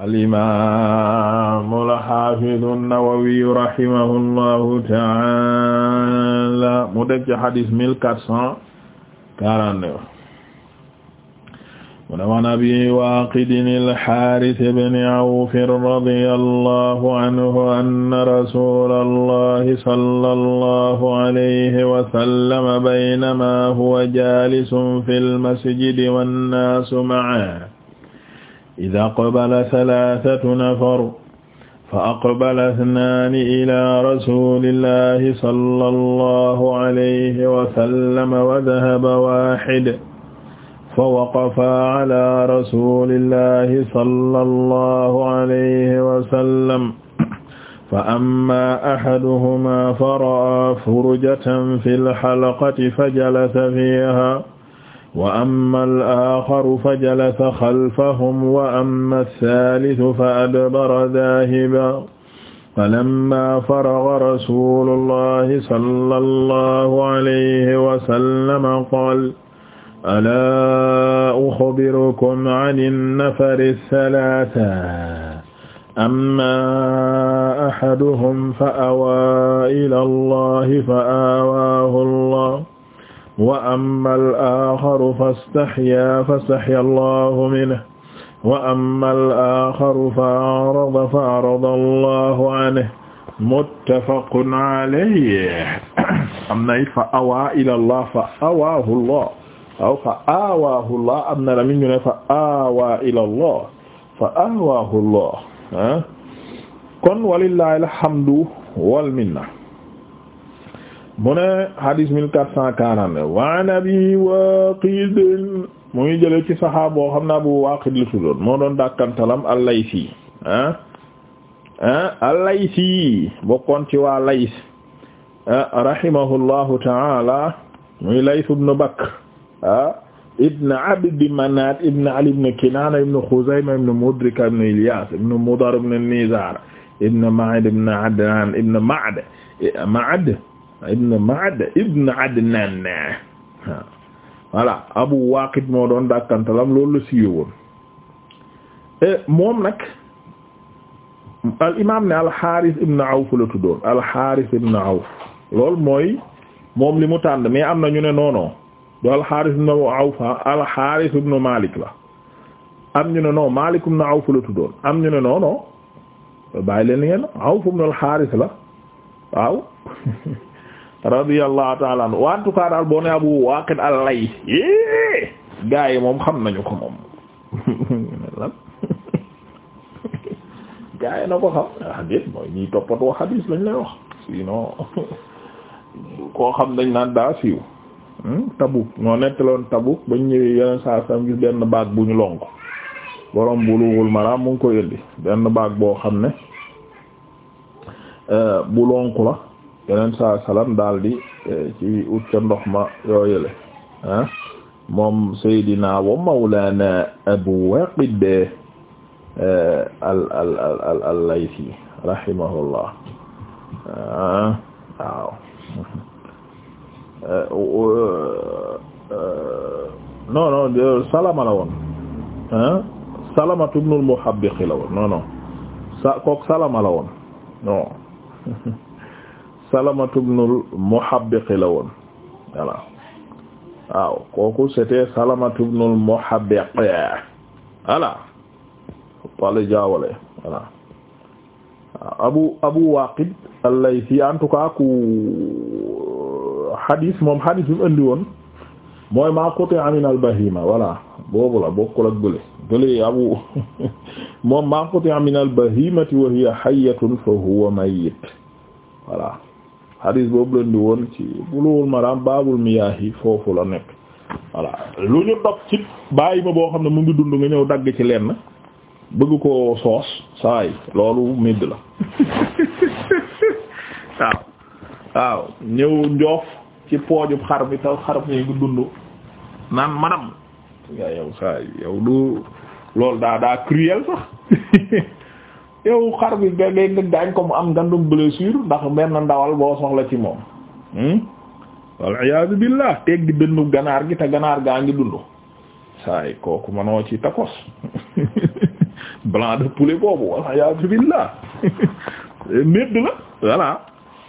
alimamu alxafidu an-Nawawi rahimahullahu taala mu deg ci xadis mille quatre cent quarante-neuf mu ne wan abi waqidin al-Haaris ibn Awf radiyallahu anhu anna rasulallahi sallallahu alayhi wa sallam baynama huwa jaalisun fil masjidi wan naasu ma'ahu ida aqbala salaasatu nafar fa aqbala isnaani ilaa rasuulillahi sallallahu alayhi wa sallam wa dhahaba waahid fa waqafa ala rasuulillahi sallallahu alayhi wa sallam fa amma ahaduhumaa fa ra'aa furjatan fil halaqati fa jalasa fiihaa wa amma al-aaxaru fa jalasa xalfahum wa amma as-saalisu fa adbara daahiba falammaa faraga rasuulullaahi sallallaahu alayhi wa sallam qaala alaa uxbirukum ani nafari salaasa ammaa axaduhum fa awaa ilallaahi fa awaahu llaah wa amma al-aaxaru fastaxyaa fastaxyaa Allaahu minhu wa amma al-aaxaru fa'arada fa'arada Allaahu anhu muttafaqun alayhi am na it fa awaa ilaa Allaah fa awaahu Allaah aw fa aawaahu Allaah am na la mi ñu ne fa aawaa ilaa Allaah fa aawaahu Allaah kon walillaahi alhamdu wal minna mu ne hadis mille quatre cent quarante wa an Abi Waaqid mu ngi jëlee ci saxaaba boo xam ne Abu Waaqid la tuddoon moo doon dàkkantalam al-Laysi ah ah al-Laysi bokkoon ci waa Lays ah, rahimahullahu ta'ala muy Lays ibn Bakr ah ibn Abd Manat ibn Ali ibn Kinana ibn Khuzayma ibn Mudrika ibn Ilyas ibn Mudar ibn Nizar ibn Ma'ad ibn Adnan ibn Ma'ad Ma'ad ibn Ma'd ibn Adnan voilà Abu Waqid moo doon dàkkantalam loolu la siiwee woon e, moom nag al imaam ne al-Harith ibn Awf la mooy moom li mu tànd mais am na ñu ne non non du al-Harith ibn Awf al-Harith ibn Malik la am ñu ne non Malik ibn Awf la tuddoon am ñu ne non bàyyi leen ngeen Awf ibn al-Harith la waaw. radiyallahu taala anu en daal boo ne Abu Waaqid al-Layth gaa yi moom xam nañu ko moom lan gaa yi na ko xam hadith mooy ñiy toppatoo hadith lañ lay wax sinon koo xam dañ naan daa siiw hmm? Tabuk ñoo nettaloon Tabuk bañ ñëwee yeneen saa sam gis benn baag bu ñu lonk borom Bulughul Maram mu ngi koy indi benn baag boo xam ne euh, bu lonku la yeneen saa salaam daal di eh, ci ut ca ndox ma yoo yële ah, moom Seydina wa Mawlana Abu Waqid eh, al al al al Laythi rahimahullah ah, eh, salama la woon ah Salamatu ibnul Muhabbiq la woon non kook salama la woon Salamatu ibnul Muhabbiq la woon voilà waaw kooku c'était Salamatu ibnul Muhabbiq voilà wala jaawale voilà Abu Abu Waqid al-Laythi en tout cas ku euh, hadis moom hadis bi mu andi woon mooy maa quti'a min al-bahima voilà boobu la bokkul ak bële bële abu moom maa quti'a min al-bahimati wa hiya hayyatun fa huwa mayyit voilà hadis boobu leen di woon ci Bulughul Maram baabul miyaah yi foofu la nekk voilà lu ñu dog ci bàyyi ma boo xam ne mu ngi dund nga ñëw dagg ci lenn bëgg ko soos saay loolu medd la waaw waaw ñëw njoof ci poojub xar mi taw xar mi ngi dund naan madam nga saay yow du loolu daa daa cruel sax yow xar bi ga ga gaañ ko mu am ngandum blessure ndax benn ndawal boo soxla ci moom hmm? wal iyaadu billah teg di dëndu ganaar gi te ganaar gaa ngi dund saay kooku manoo ci tacos blanc de poulet boobu wal iyaadu billah medd la voilà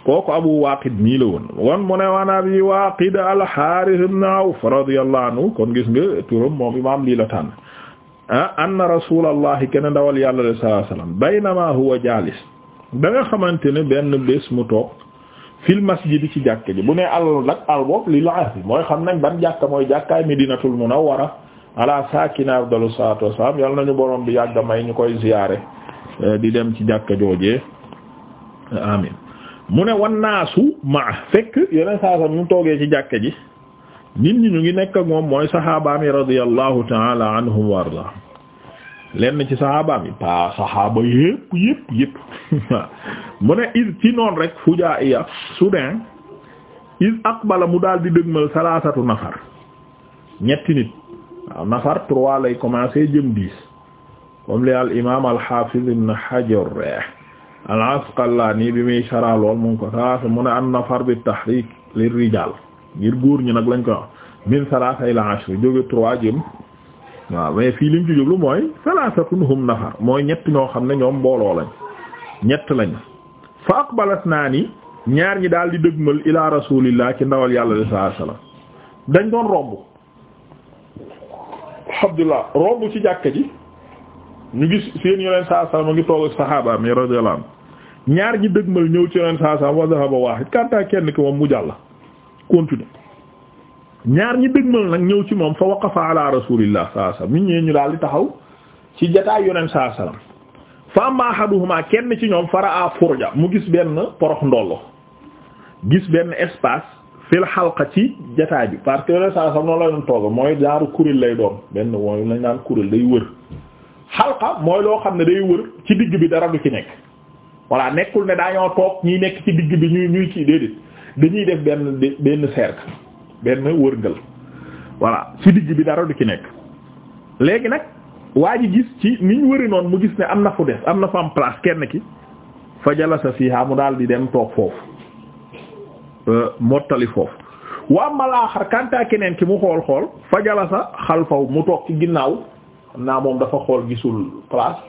kooku abu waqid nii la woon won mu ne waan abi waqid al harith ibn awf radiyallahu anhu kon gis nga turam moom imaam lii la tànn Ah, anna rasulallahi kenn ndawal yàlla sallallahu alayhi wasallam baynama huwa jaalis da nga xamante ne benn bés mu toog fil masjid ci jàkk ji bu ne al nag al bopp li la mooy xam nañ ban jàkka mooy jàkkaay Medinatul Munawwara ala sakina afdalu salaatu wassalaam yàlla nañu borom bi yàgg may ñu koy ziyaare eh, di dem ci jàkka joojee amin mu ne wan naasu ma fekk yeneen saa sax mu toogee ci jàkka ji nit ñi ñu ngi nekk moom mooy saxaabaam yi taala anhum wa arda lenn ci saxaabaam yi saxaaba yépp yépp yépp mu ne is ci noon rek fujaa iya soudain is aqbala mu daal di dëgmal nafar ñetti nit nafar trois lay commencé jëm dix comme li al imam al hafiz ibn hajar al asqalani bi muy sara lool mu ko salaasa mu ne an nafar bi tahrik li rijal ngir góor ñi nag lañ ko wax min salaasa ila ashra jóge trois jëm waaw mais fii lim ci jublu mooy salaasatun hum nafar mooy ñett ñoo xam ne ñoom mbooloo lañ ñett lañ fa aqbalat naa ni ñaar ñi daal di dëgmal ila rasulillah ci ndawal yàlla sallallahu alayhi wasallam dañ doon romb alhamdulillah romb ci jàkka ji ñu gis seen yoneen saa sallam a ngi toog ak sahaaba mi radiyallahu anhu ñaar ñi dëgmal ñëw ci yoneen saa sallam wa dhahaba wahid kanta kenn ki moom continuer ñaar ñi dëgmal nag ñëw ci moom fa waqafa ala rasulillah sallallahu alayhi wasallam ñun ñee ñu daal di taxaw ci jataay yonent sallallahu alayhi wasallam fa amma ahaduhuma kenn ci ñoom faraa furja mu gis benn porox ndollo gis benn espace fil xalqa ci jataay bi parce que sa sallallahu alayhi wasallam la doon tooga mooy jaaru kuréel lay doon benn mooy lañ naan kuréel day wër xalqa mooy loo xam ne day wër ci digg bi dara du ci nekk voilà nekkul ne daañoo toog ñiy nekk ci digg bi ñuy dañuy def benn benn cercle benn wërngël voilà ci digg bi dara du ci nekk léegi nag waa ji gis ci niñ wëri noonu mu gis ne am na fu des am na fu am place kenn ki fa jalasa fiha mu daal di dem toog foofu euh, mottali foofu waa malaaxar kantaa keneen ki mu xool xool fa jalasa xalfaw mu toog ci ginnaaw xam naa moom dafa xool gisul place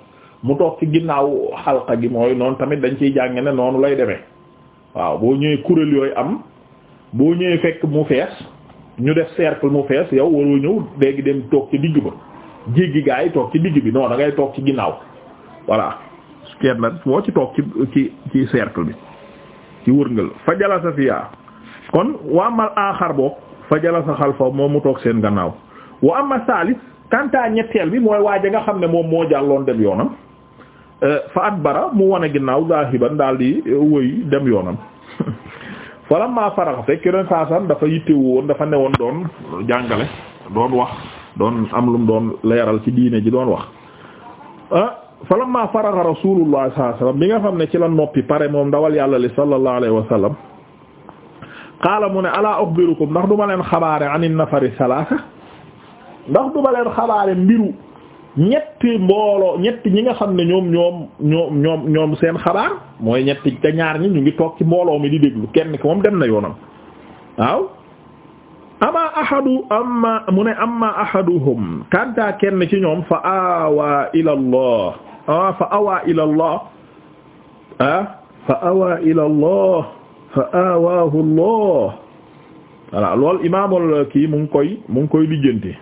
mu toog ci ginnaaw xalqa gi mooy noonu tamit dañ ciy jàng ne noonu lay demee waaw boo ñëwee kuréel yooyu am boo ñëwee fekk mu fees ñu def cercle mu fees yow waroo ñëw léegi dem toog ci digg ba jéggi gaa yi toog ci digg bi non da ngay toog ci ginnaaw voilà kenn la boo ci toog ci ci ci cercle bi ci wërngal fa jalasa fiya kon wa amal axar boog fa jalasa xalfa moom mu toog seen gannaaw wa ama salis kanta ñetteel bi mooy waaja nga xam ne moom moo jàlloon dem yoonam Euh, fa adbara mu wone ginnaaw zahiban daal di euh, wëy dem yoonam fala maa farax fekk yoneen saasan dafa yittewu woon dafa newoon doon jàngale doon wax doon am lum doon leeral ci diine ji doon wax ah, fala maa faraxa rasulullah sallallahu alayhi wasallam bi nga xam ne ci la noppi pare moom ndawal yàlla li sallallahu alayhi wasallam qaala mu ne alaa ukhbirukum ndax duma leen xabaare anin nafari salaasa ndax duma leen xabaare mbiru ñetti mbooloo ñetti ñi nga xam ne ñoom ñoom ñoom ñoom seen xabaar mooy ñetti te ñaar ñi ñu ngi toog ci mbooloo mi di déglu kenn ki moom dem na yoonam waaw ama ahadu amma mu ne amma ahaduhum kanta kenn ci ñoom fa awa ila allah a ah, fa awa ah, ila allah fa awa ila allah fa awaahu allah voilà loolu imaamul kii mu ngi koy mu ngi koy lijjanti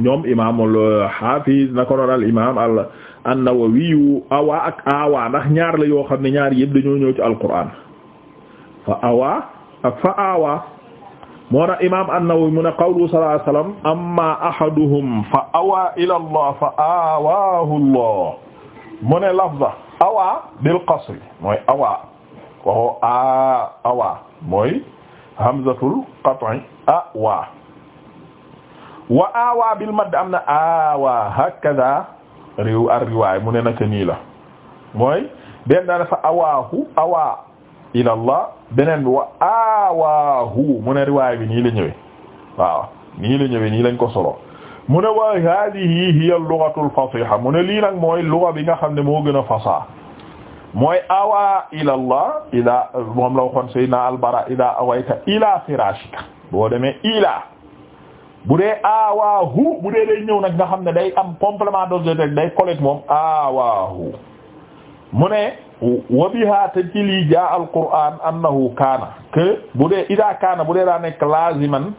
ñoom imaamul hafiz na ko noon al imam al an-Nawawi awaa ak awaa ndax ñaar la yoo xam ne ñaar yëpp dañoo ñëw ci alquran fa awaa ak fa awaa moo tax imam an-Nawawi mu ne qawlu sallallahu alayhi wasallam amma ahaduhum fa awaa ila Allah fa awaahu Allah mu ne lafza awaa bil qasri mooy awaa waxoo a awaa mooy hamzatul qat'i awaa wa aawaa bil madd am na aawaa hakaza riw riwaay mu ne naka nii la mooy benn daa dafa awaahu awaa ilallah beneen wa aawaahu mu ne riwaay bi nii la ñëwee waaw nii la ñëwee nii lañ ko solo mu ne wa hadihi hiya al-lughatu al mu ne lii nag mooy lugha bi nga xam ne moo gën a fasaa mooy awaa ila moom la awayta ila firashika boo demee ila bu dee awaahu bu dee day ñëw nag nga xam ne day am complément d'objet day moom awaahu mu ne wa biha te lii jaa al qur'an annahu kaana que bu dee ida kaana bu dee daa nekk laziman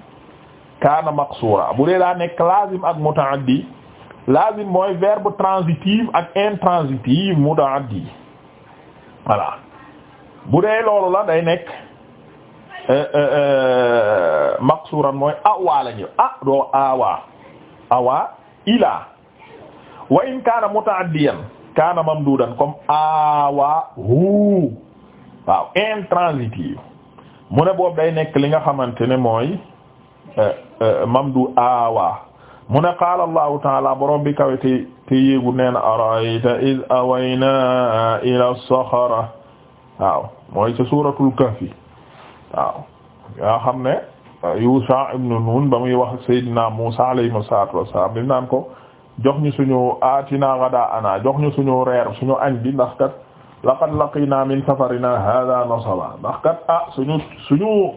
kaana maqsura bu dee daa nekk lazim ak mutaaddi lazim mooy verbe transitif ak intransitif mutaaddi voilà bu dee loolu la day nekk Euh, euh, euh, maqsuran mooy awaa la ñëw ah doo awaa awaa ilaa kaana mutaaddiyan kaana mamduudan comme awaa hu intransitive mu ne boobu day nekk li nga xamante ne mooy mamdu awaa mu ne qaala allahu taala borom bi kawe te te yéegu arayta iz awayna ila saxara mooy ca suuratul kahfi waaw yaa xam ne euh, Yusha ibn Nun ba muy wax Seydina Musa alayhi salaatu wassalaam bi naan ko jox ñu suñu atina gada ana jox ñu suñu reer suñu añ bi ndax kat laqad laqina min safarina hada nasaba ndax kat ah suñu suñu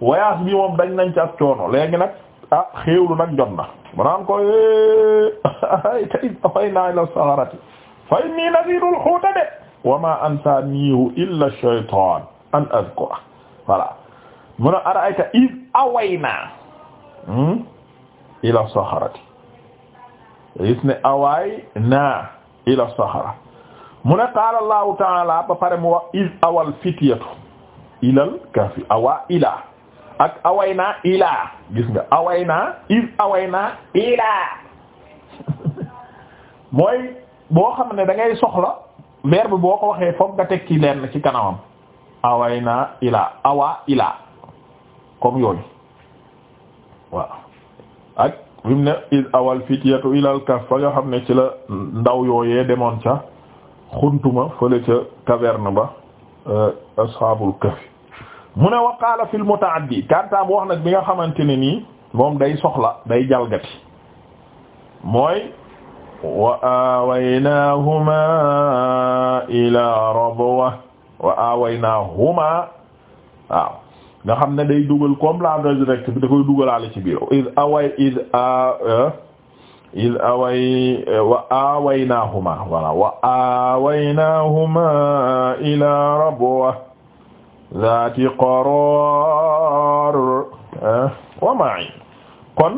voyage bi moom dañ nañ ci ak coono léegi nag ah xéewlu nag jot na mu ko eh, ay tay dafay naa saxarati fa inni nazirul xuuta de wa ma ansanihu illa shaytan an azkura voilà mun a ara'ayta iz awaynaa hmm? ila saxarati gis ne awaay naa ila saxara mu ne qaala allahu taala ba pare mu wax iz awal fityatu ilal kahfi awa ila ak awaynaa ilaa gis nga awaynaa iz awaynaa ilaa mooy boo xam ne da ngay soxla verbe boo ko waxee foog nga teg ci leen ci kanamam away naa ilaa awa ilaa comme yooyu waaw ak bi mu ne is awal fityatu xam ne ci la ndaw yooyee demoon ca xuntuma fële ca caverne ba euh, ashabul kahfi mu ne wa qaala fil mutaaddi kantaam wax nag bi nga xamante ne nii moom day soxla day jalgati mooy wa awaynahuma ila rabwa wa awaynaahuma waaw nga xam ne day dugal comme la redirect bi da koy dugalaale ci biir id away id a e, id away e, wa awaynaahuma voilà wa awaynaahuma ila rabwa zaati qaraar e, wa ma'i kon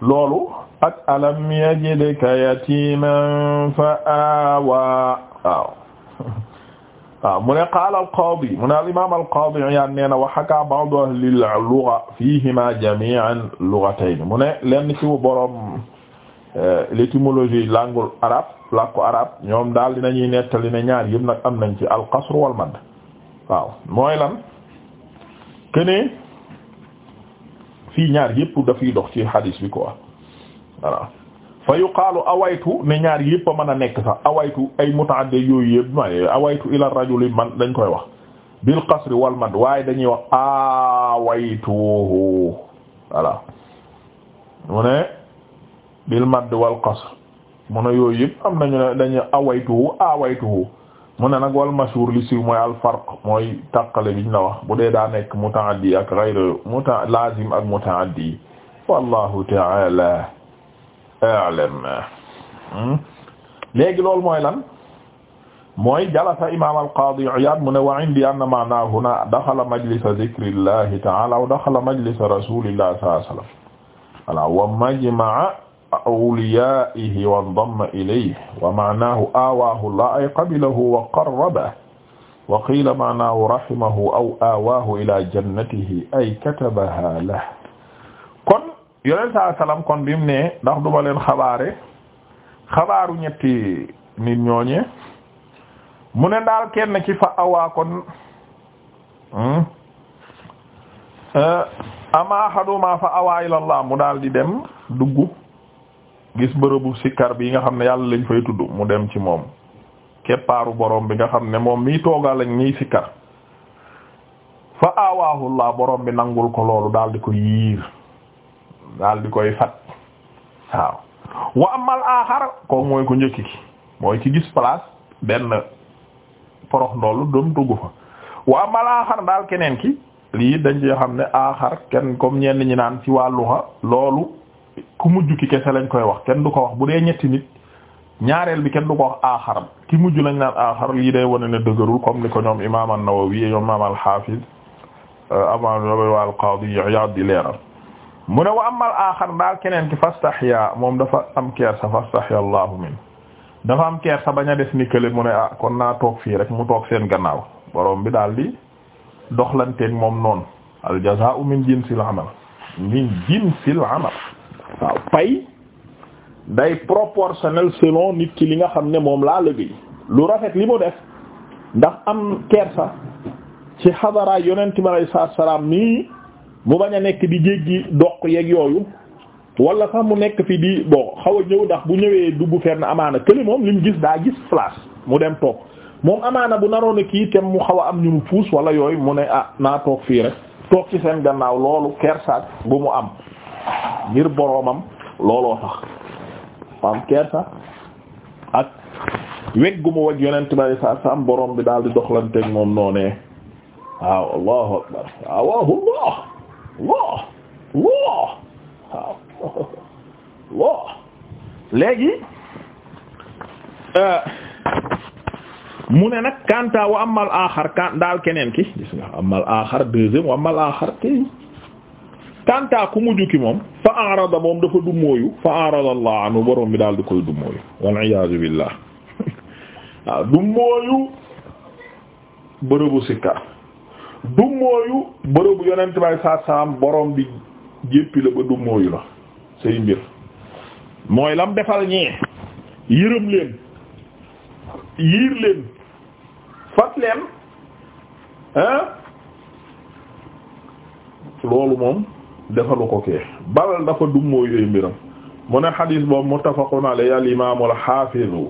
loolu ak alam yajidka yatiman fa awa waaw waaw mu ne qaala al-qaadi mu ne al-imaam al-qaadi Iyaad nee na wa hakaa ba'du ahli al-lugha fiihimaa jamii'an lughatayn mu ne lenn ci boroom eh, l'étymologie langue arabe làkku arabe ñoom daal dinañuy nettali ne ñaar yëpp nag am nañ ci al-qasr wal-madd waaw lan kene fii ñaar yëpp dafiy dox ci hadis bi quoi fa yuqaalu awaytu ne ñaar yëpp a mën a nekk sax awaytu ay mutaaddi yooyu yëpp awaytu ila rajuli man dañ koy wax bil qasri wal mad waaye dañuy wax awaytuhu voilà mu bil mad wal qasr mu ne yooyu yëpp am nañu ne dañuy awaytuhu awaytuhu mu nag wal mashhur li siiw mooy al farq mooy tàqale wax bu dee nekk mutaaddi ak ghayr muta ak mutaaddi wallahu ta'ala a'lam hmm? léegi loolu mooy lan mooy jalasa imam al-qaadi Iyaad mu ne wa indi anna maana huna daxala majlisa zikrillahi ta'ala wa daxala majlisa rasulillahi sallallahu alayhi wa sallam voilà wa majma'a awliyaa'ihi wa ndamma ilayhi wa ma'naahu aawaahu Allah ay qabilahu wa qarrabahu wa qiila ma'naahu rahimahu aw aawaahu ilaa jannatihi ay katabahaa lahu yoneen saa salaam kon bi mu ne ndax duma leen xabaare xabaaru ñetti nit ñooñee mu ne daal kenn ci fa awaa kon hmm, eh, ama xaduma fa awaa ilallah mu daal di dem dugg gis bërëbu sikar bi nga xam ne yàlla lañ fay tudd mu dem ci moom keppaaru borom bi nga xam ne moom mii toogal lañ ñiy sikkar fa awaahu laa borom bi nangul ko loolu daal di ko yiir daal di koy fat waaw wa amal aaxar kooku mooy ko njëkk ki mooy ci gis place benn porox ndoll doom dugg fa wa amal aaxar daal keneen ki lii dañ ci xam ne aaxar kenn comme ñenn ñi naan ci wàllu xa loolu ku mujj ki kese lañ koy wax kenn du ko wax bu dee ñetti nit ñaareel bi kenn du ko wax aaxar ki mujj lañ naan aaxar lii day wane ne dëgërul comme ni ko ñoom imaam an-Nawawi imaam al-Hafiz euh, amaa ñoom waa al-Qadi Iyad di leeral mu ne wa amal aaxar daal keneen ki fastaxiya moom dafa am kersa fastaxiya allahu min dafa am kersa baña def ni kële mu ne ah kon naa toog fii rek mu toog seen gannaaw borom bi daal di doxlanteeg moom noonu al jazaa'u min jinsil amal min jinsil amal waaw pay day proportionnel selon nit ki li nga xam ne moom laa liggéey lu rafet li mu def ndax am kersa ci xadaraay yonent bi alayhi nii mu bañ a nekk di jéggi doq yeeg yooyu wala sax mu nekk fi di bon xaw a ñëw ndax bu ñëwee dugg na amaana kële moom li gis daa gis place mu dem toog moom amaana bu naroon kii tem mu xaw a am ñu mu puus wala yooyu mu ne a ah naa toog fii rek toog ci seen gannaaw loolu kersaak bu mu am ngir boroomam looloo tax am kersa ak weg gu mu weg yonent bari sa sa am boroom bi daal di doxlanteeg moom noonee waaw allahu akbar waaw loo loo waaw loo léegi euh, mu ne nag kanta wa amal aaxar kan daal keneen ki gis nga amal aaxar deuxième wa amal aaxar ki kanta ku mujj ki moom fa arada moom dafa dummóoyu fa arada allah anu borom daal di koy dummóoyu wal iyaazu billah waaw dummóoyu bërëbu sikka dummóoyu bërëbu yonent bay saa saam borom bi jéppi la ba dummóoyu la say mbir mooy lam defal ñee yërëm leen yiir leen fat leen hein loolu moom defalu ko kee balal dafa dummóoyu ay mbiram mu ne xadiis boobu muttafaqun alayhi al imaamu al xaafizu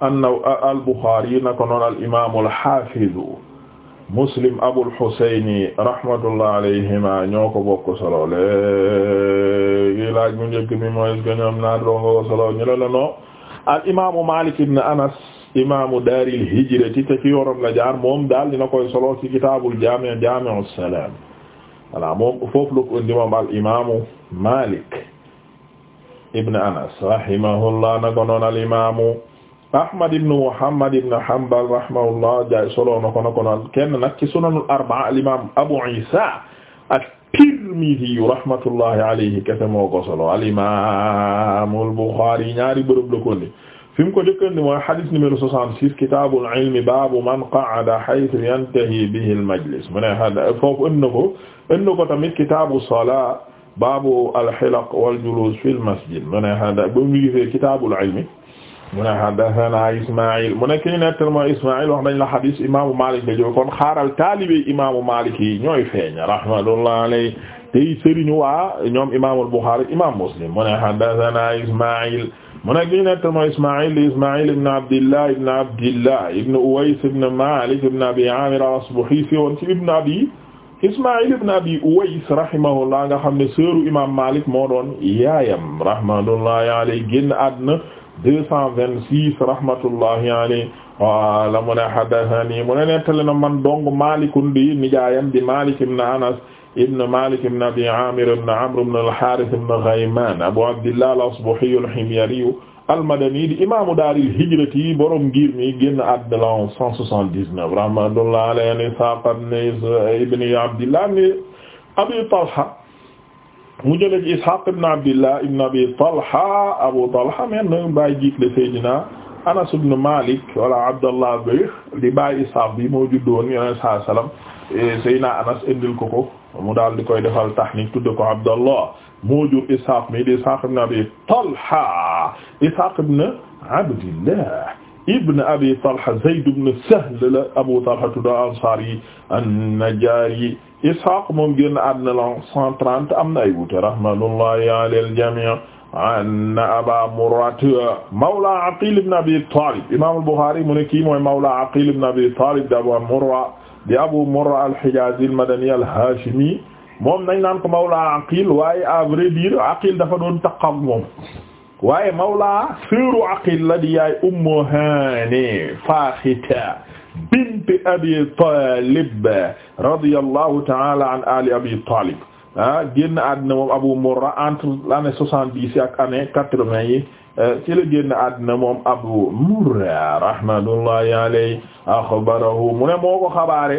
anna al buxaari na ko noon al imaamu al xaafizu muslim abul xusayni rahmatullah alayhima ñoo ko bokk solo léegi laaj mu njëkk mi mooy que ñoom ñaar doon ko solo ñu ne la non al imaamu Maalik ibn Anas imaamu daaril hijrati te ci yoonam la jaar moom daal dina koy solo ci kitaabul jaami' jaami'us salaam voilà moom foofu la ko indi moom al imaamu Maalik ibn Anas rahimahullah naka noonu al imaamu. Ahmad ibn Muhammad ibn Hanbal rahimahullah jaay solo na ko na ko naan kenn nag ci sunanul arba'a al-imam Abu Isa at-Tirmidhi rahmatullahi alayhi kese moo ko solo al-imam al-Bukhari ñaari bërëb la ko ni fi mu ko jëkkandi mooy hadith numéro 66 kitabul ilmi baabu man qa'ada haythu yantahi bihi al-majlis mu ne foofu ënd na ko ënd na ko tamit kitabu salat baabu al-hilaq wal-julus fil masjid mu ne bu ñu gisee kitabul ilmi mu ne haddathana Ismaïl mu ne ki ñu nettal mooy Ismaïl wax nañ la hadis imaamu Malik la jógee kon xaaral taalibe imaamu Malik yi ñooy feeñ rahmatullah alayhi tey sëriñu waa ñoom imaamul Bukhari imaam Muslim mu ne haddathana Ismaïl mu ne ki ñu nettal mooy Ismaïl Ismaïl ibn Abdillah ibn Abdillah ibn Uways ibn Malik ibn Abi Amir al-Asbahi si woon ci ibn Abi Ismaïl ibn Abi Uways rahimahullah nga xam ne sëru imaam Malik moo doon yaayam rahmatullahi alayhi génn àdduna deux cent vingt-six rahmatullahi alayhi wala mu ne hadathani mu ne nettali na man dong malikun di nijaayam di malik ibn anas ibn malik ibn abi amir ibn amr ibn al-harith ibn abu abdillah al-asbahi al di imamu daaril hijrati borom ngir mi génn àddina la cent soixante-dix-neuf rahmatullahi alayhi Ishaq ibn abi talha mu jëlee ci Ishaq ibn Abdillah ibn Abi Talha Abu Talha mel na bàyyi jiit le Seydina Anas ibn Malik wala Abdallah bi di bàyyi Ishaq bi moo juddoon yeneen saa Anas indil ko ko mu daal di koy defal tahnik tudde ko Abdallah moo jur Ishaq mi di Ishaq ibn Abi Talha Ishaq ibn Abdillah ibn abi talha zayd ibn sahl la abu talha tudd al-ansari an-najjari ishaq moom génn àddina lan 130 am na ay wuute rahmatullahi ala al-jami' anna aba murrat mawla aqil ibn abi talib imam al-bukhari mu ne kii mooy mawla aqil ibn abi talib di abu murra di abu murra al-hijazi al-madani al-hashimi moom nañ naan ko mawla aqil waaye à vrai dire aqil dafa doon taqam moom waaye mawla seeru aqil la di yaay ummu hani faaxita bint abi talib radiyallahu taala an ali abi talib ah génn àddina moom abu murra entre l'année soixante-dix ak année quatre-vingt yi eh, ci la génn àddina moom abu murra rahmatullahi alayhi axbarahu mu ne moo ko xabaare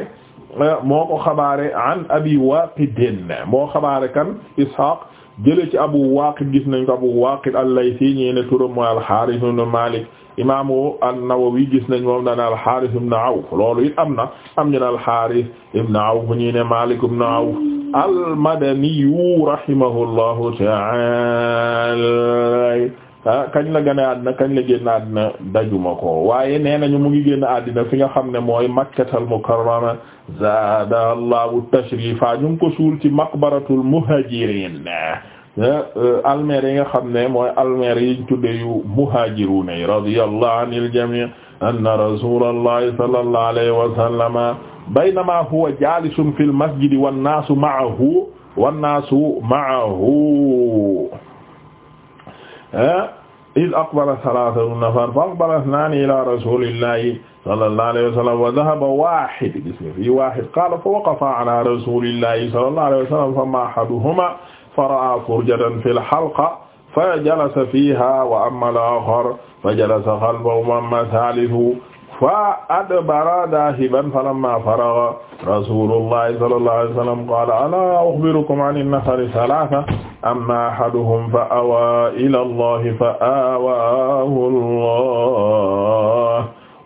eh, moo ko xabaare an abi waqidin moo xabaare kan ishaq jële ci abu waqid gis nañ ko abu waqid al-laythi ñi ne turam mooy al-harith ibn malik imaamu an-nawawi gis nañ moom dana al-harith ibn awf loolu it am na am ñu ne al-harith ibn awf ñi ne malik ibn awf al-madaniyu rahimahullahu ta'ala Ah, kañ la gane àddina kañ la génn àddina dajuma ko waaye nee nañu mu ngi génn àddina fi nga xam ne mooy makkatal mukarrama zaada allahu tashrifa ñu ko suul ci maqbaratul muhajirin eh, eh, almeer yi nga xam ne mooy almeer yiñ tudde yu muhajiruna yi radiyallahu anil jami' anna rasulallahi sallallahu alayhi wa sallama baynama huwa jalisun fil masjidi wan nasu ma'ahu Eh? iz aqbala salaasatu nafar fa aqbala isnaani ilaa rasuulillaahi sallallaahu alayhi wa sallam wa dhahaba waahid gis nga fii waahid qaala fa waqafa alaa rasuulillaahi sallallaahu alayhi wa sallam fa ammaa ahaduhumaa fa ra'aa furjatan fil halqa fa jalasa fiihaa wa ammaa al-aakhar fa jalasa khalfahu wa ammaa ath-thaalith fa adbara daahiban falamma faragha rasulullahi sallallahu alayhi wa sallam qala ala ukhbirukum an an-nafari thalatha amma ahaduhum fa awa ila allahi fa awahu allah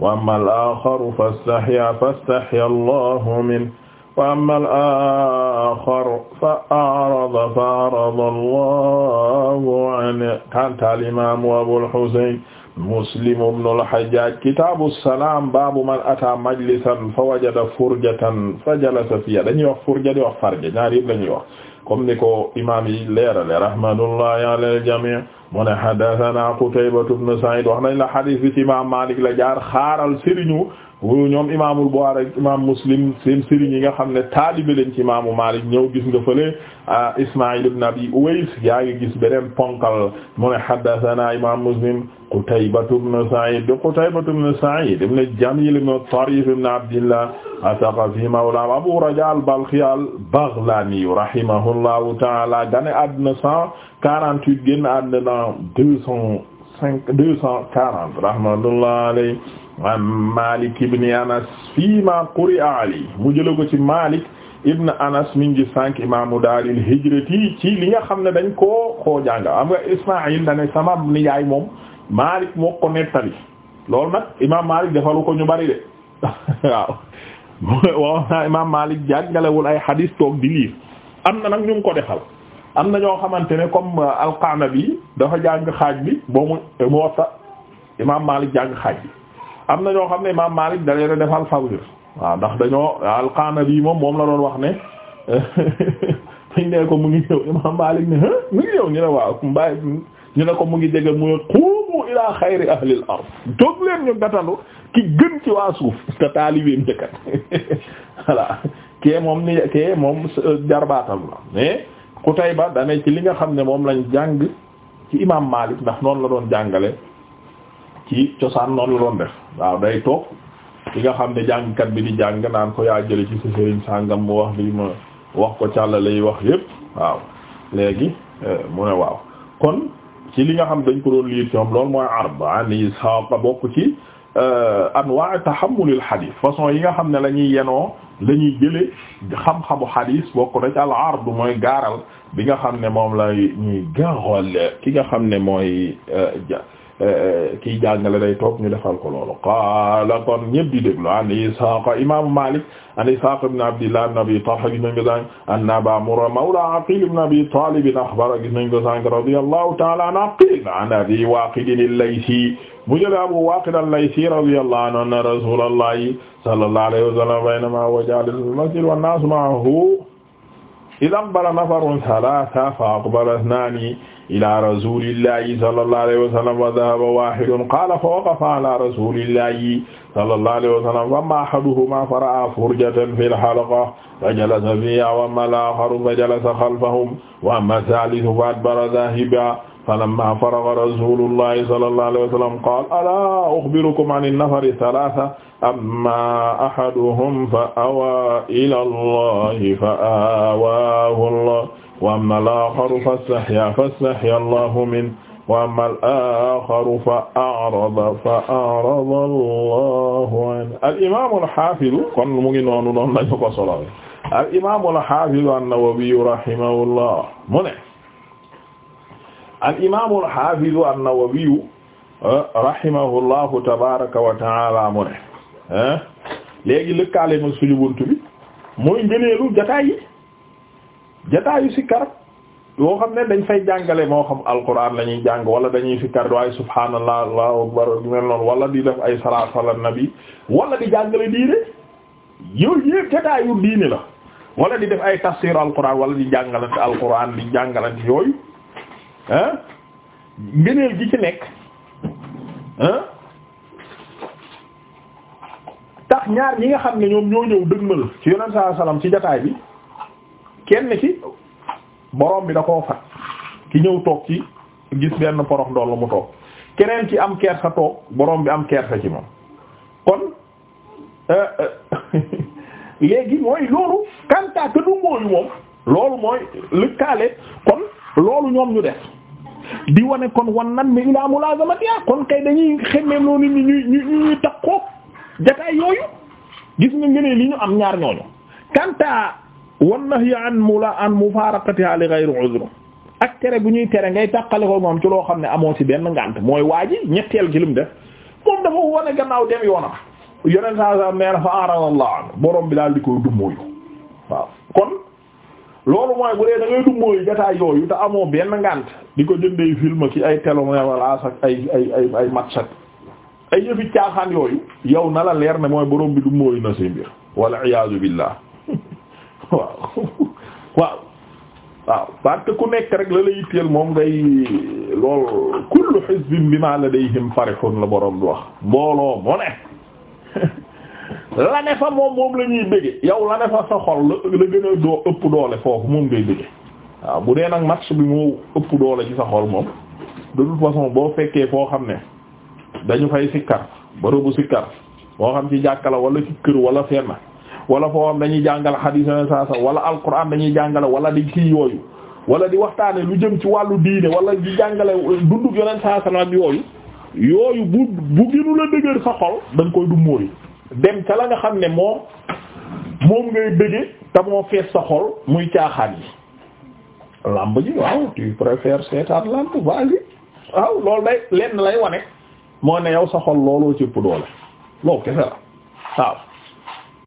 wa amma al-akharu fastahya fastahya allahu minhu wa amma al-akharu fa a'rada fa a'rada allahu anhu kanta al-imam Abul Husayn Muslim ibn al-Hajjaj kitaabu salaam baabu man ataa majlisan fa wajada furjatan fa jalasa fiihaa dañuy wax furja di wax farja ñaar yëpp lañuy wax comme ni ko imaam yi leerale rahmatullahi ala al-jamii mu ne haddathana Qutaybatu ibn Sa'id wax nañ la hadis bi ci imaam Maalik la jaar xaaral sëriñu ñoom imaamul Buxaari imaam Muslim seen sëriñ yi nga xam ne taalibe lañ ci imaamu Maalik ñëw gis nga fële Ismaa'il ibn Abi Uways yaa ngi gis beneen ponkal mu ne haddathana imaam Muslim Qutaybatu ibn Sa'id de Qutaybatu ibn Sa'id ibn Jamil ibn Tarif ibn Abdillah at-Thaqafi mawla Abu Raja al-Balkhi al-Baghlani rahimahullah rahimahullahu taala gane àddina cent quarante-huit génn àddina deux cent Malik ibn Anas fii ma quri'a Ali mu jële ko ci Malik ibn Anas min ngi sànq imaamu daaril hijrati ci li nga xam ne dañ koo koo am nga Ismaïl da ne sama nijaay moom Malik moo ko nettali loolu nag imaam Malik defalu ko ñu bari de waaw waaw imaam Malik jàngalewul ay hadis toog di am na nag ñu ngi ko defal am na ñoo xamante ne comme euh, al-Qanabi dafa jàng xaaj bi boo mu Muwatta imaam Maalik jàng xaaj bi am na ñoo xam ne imaam Maalik da leen defal fawir waaw ndax dañoo al-Qanabi moom moom la doon wax ne dañ ne ko mu ngi ñëw ñu ne waaw mbaay ñu ne ko mu ngi jege mu qumu ila xayri ahlil ard jóg leen ñu gàttandu ki gën ci waa suuf te taalibeem njëkkat voilà kee moom ni kee moom euh, jarbaatam la mais Qutayba dane ci li nga xam ne moom lañu jàng ci imam Malik ndax noonu la doon jàngale ci cosaan noonu la doon def waaw day toog li nga xam ne jàngkat bi di jàng naan ko yaa jële ci sa sëriñ sàngam mu wax li ma wax ko càlla lay wax yépp waaw léegi euh, mu ne waaw kon ci li nga xam dañ ko doon liir ci moom loolu mooy arb an Ishaq bokk ci euh, anwa' tahammulil hadith façon yi nga xam ne lañuy yenoo la ñuy jëlee xam-xamu xadiis bokk na ci al ard mooy gaaral bi nga xam ne moom la ñuy ki nga xam ne mooy kiy jàngale day toog ñu defal ko loolu qaala kon ñëpp di déglu an Isaaq imaamu Maalik an Isaaq ibn Abdillah ibn Abi Talha gis nañ ko sànq an Abaa Murra mawla Aqiil Abi Taalib axbara gis ta'ala an Aqiil an Abi Waaqid laysi mu jëlee Abu Waaqid al-Laysi radiyallahu anhu anna Rasuulallahi sallallahu alayhi wa sallam baynama wajada fil masjid wan nasu ma'ahu idh aqbala nafarun thalatha fa aqbala ithnani ila rasulillahi sallallahu alayhi wa sallam wa dhahaba wahidun qala fa waqafa ala rasulillahi sallallahu alayhi wa sallam fa amma ahaduhuma fara'a furjatan fil halqa fajalasa fiha wa amma al-akharu fajalasa khalfahum wa amma ath-thalithu fa adbara dhahiba falamma faraga rasulullahi sallallahu alayhi wa sallam qaal alaa uxbirukum an innafari salaasa amma ahaduhum fa awaa ilaa allahi fa awaahu allah wa amma al-aaxaru fastahyaa fastahyaa allahu minhu wa amma al-aaxaru fa a'rada fa a'rada allahu anhu al-imaamu al-xaafidu kon mu ngi noonu noonu lañu ko solo al-imaamu al-xaafidu an-Nawawi rahimahullah mu ne al imaamul haafizu an-Nawawiyu eh, rahimahullahu tabaaraka wa mu ne eh, léegi lëkkaale mag suñu bunt bi mooy ngëneelu jataay yi jataayu sikkar yoo xam ne dañ fay jàngale moo xam alquran la ñuy jàng wala dañuy sikkar waaye subhaanallah allahu akbar du mel noonu wala di def ay salaatu ala nabi wala di jàngale diine yooyu yëpp jataayu diine la wala di def ay tafsir alquran wala di jàngalante alquran di jàngalante yooyu ah ngëneel gi ci nekk ah tax ñaar ñi nga xam ne ñoom ñoo ñëw dëgmal ci yonent saa salaam ci jataay bi kenn ci borom bi da koo fat ki ñëw toog ci gis benn porox ndool la mu toog keneen ci am kersa toog borom bi am kersa ci moom kon euh, euh, léegi mooy loolu kantaa ka mooyu moom loolu mooy lëkkaale kon loolu ñoom ñu def di wane kon wan nan mi ilaa mulazamatiha kon kay dañuy xemmee noonu ñu ñuy takkook jataay yooyu gis nga ngënee li ñu am ñaar ñooñu kanta wan nahyi an mula an mufaraqatiha li ghayri uzr ak tere bu ñuy tere ngay tàqale ko moom ci loo xam ne amoo ci benn ngànt mooy waa ji ñetteel gi lu mu def moom dafa wane gannaaw dem yoonam yoneen saa saa nee na fa aaral allah borom bi daal di koy dummóoyu waaw loolu mooy bu dee da ngay mooy gataay yooyu te amoo benn ngànt di ko jëndee film ci ay telom wala sax ay ay ay ay yëfi caaxaan yooyu yow na la leer ne mooy borom bi du mooy na say mbir wala iyaazu billah waaw waaw waaw parce que ku nekk rek la la yitteel moom ngay lool kullu hizbin bima ladayhim farihun la borom bi wax mbooloo mu ne la ne fa moom moom la ñuy bëgge yow la ne fa sa xol la gën a doo ëpp doole foofu moom ngay bëgge waaw bu dee ak match bi moo ëpp doole ci sa xol moom de toute façon boo fekkee foo xam ne dañu fay sikkar bërëbu sikkar moo xam ci jàkka la wala ci kër wala fenn wala foo xam dañuy jàngal xadiis saa sa wala alquran dañuy wala di kii yooyu wala di waxtaane lu jëm ci wàllu diine wala di jàngale dundug yoneen saa yooyu yooyu bu bu gënu la dëgër sa xol da koy du dem ca la nga xam ne moom moom ngay bëgge te moo fees sa xol muy caaxaan yi lamb ji waaw tu préfères seetaan lamb baal yi waaw loolu day lenn lay wane moo ne yow sa xol looloo ci doole loolu kese la waaw